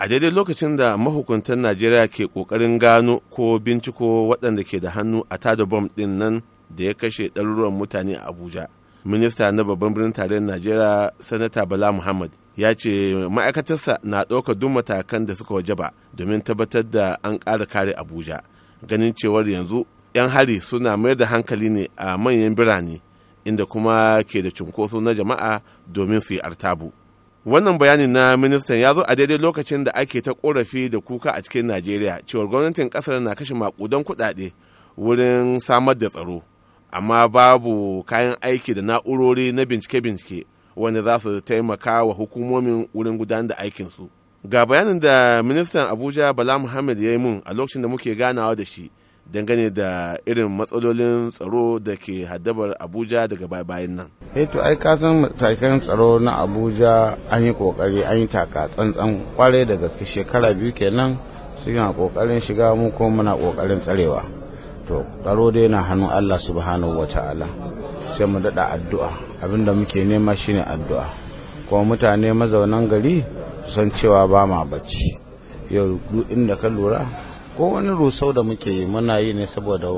a daidai lokacin da mahukuntan najeriya ke kokarin gano ko binciko waɗanda ke da hannu a tada bom ɗin nan da ya kashe ɗaruruwan mutane a abuja minista na babban birnin tarayyar najeriya sanata bala muhammad ya ce ma'aikatarsa na ɗaukar duk matakan da suka wajaba domin tabbatar da an ƙara kare abuja ganin cewar yanzu 'yan hari suna mayar da hankali ne a manyan birane inda kuma ke da cunkoso na jama'a domin su yi artabu wannan bayanin na ministan ya zo a daidai lokacin da ake ta korafi da kuka a cikin najeriya cewar gwamnatin kasar na kashe makudan kuɗaɗe wurin samar da tsaro amma babu kayan aiki da na'urori na bincike-bincike wanda za su taimaka wa hukumomin wurin gudanar da aikinsu ga bayanin da ministan abuja bala muhammad ya yi mun a lokacin da muke ganawa da shi dangane da irin matsalolin tsaro da ke haddabar abuja daga bayan nan e to ai ka san matakan tsaro na abuja an yi kokari an yi taka tsantsan kwarai da gaske shekara biyu kenan suna kokarin shiga mu ko muna kokarin tsarewa to tsaro dai na hannu allah subhanahu wa ta'ala sai mu daɗa addu'a abinda muke nema shine addu'a kuma mutane mazaunan gari san cewa ba ma bacci yau duk inda ka lura ko wani rusau da muke yi muna yi ne saboda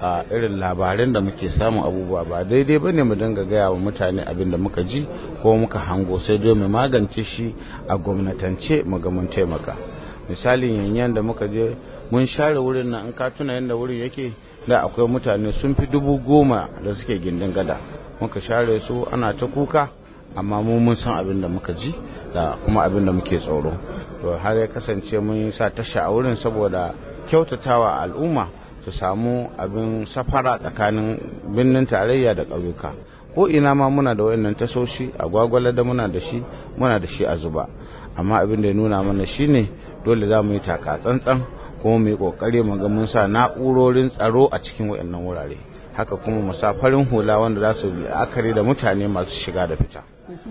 a irin labarin da muke samun abubuwa ba daidai ba ne mu dinga gaya wa mutane abin da muka ji ko muka hango sai dai mu magance shi a gwamnatance mu ga mun taimaka misalin yanyan da muka je mun share wurin nan in ka tuna yadda wurin yake da akwai mutane sun fi dubu goma da suke gindin gada muka share su ana ta kuka amma mu mun san abin da muka ji da kuma abin da muke tsoro to har ya kasance mun sa tasha a wurin saboda kyautatawa al'umma su samu abin safara tsakanin birnin tarayya da ƙauyuka ko ina ma muna da wayannan tasoshi a gwagwalar da muna da shi muna da shi a zuba amma abin da ya nuna mana shine dole za mu yi taka tsantsan kuma mu yi kokari mu ga mun sa na'urorin tsaro a cikin wayannan wurare haka kuma mu sa farin hula wanda za su la'akari da mutane masu shiga da fita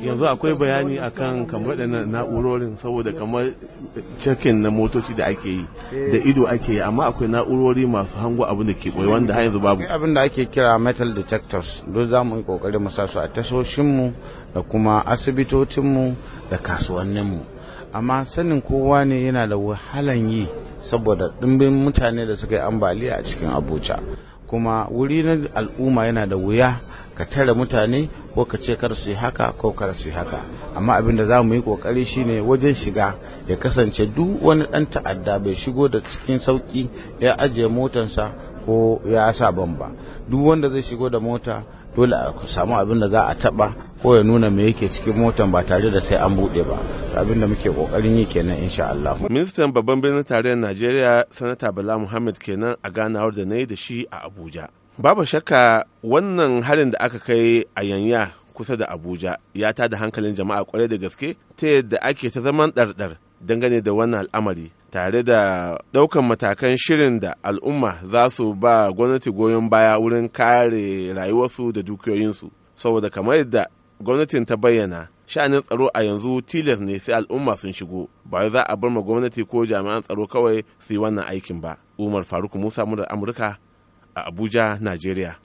yanzu akwai bayani akan kamar da na'urorin saboda kamar cikin na motoci da ake yi da ido ake yi amma akwai na'urori masu hango abin da ke koyi wanda har yanzu babu abin da ake kira metal detectors don za mu yi kokari mu su a tashoshinmu da kuma asibitocinmu da kasuwanninmu amma sanin kowa ne yana da wahalan yi saboda ɗimbin mutane da suka yi ambaliya a cikin abuja kuma wuri na al'umma yana da wuya ka tare mutane ko ka ce kar su yi haka ko kar su yi haka amma abin da za mu yi kokari shine wajen shiga ya kasance duk wani dan ta'adda bai shigo da cikin sauki ya ajiye motansa ko ya sa bamba duk wanda zai shigo da mota dole a samu abin da za a taba ko ya nuna me yake cikin motan ba tare da sai an buɗe ba abin da muke kokarin yi kenan insha Allah ministan babban birnin tarayyar Najeriya sanata Bala Muhammad kenan a ganawar da na yi da shi a Abuja babu shakka wannan harin da aka kai a Yanya kusa da Abuja ya ta da hankalin jama'a kwarai da gaske ta yadda ake ta zaman ɗarɗar dangane da wannan al'amari tare da ɗaukan matakan shirin da al'umma za su ba gwamnati goyon baya wurin kare rayuwarsu da dukiyoyinsu saboda kamar yadda gwamnatin ta bayyana sha'anin tsaro a yanzu tilas ne sai al'umma sun shigo ba za a bar ma gwamnati ko jami'an tsaro kawai su yi wannan aikin ba umar faruk musa murar amurka a abuja najeriya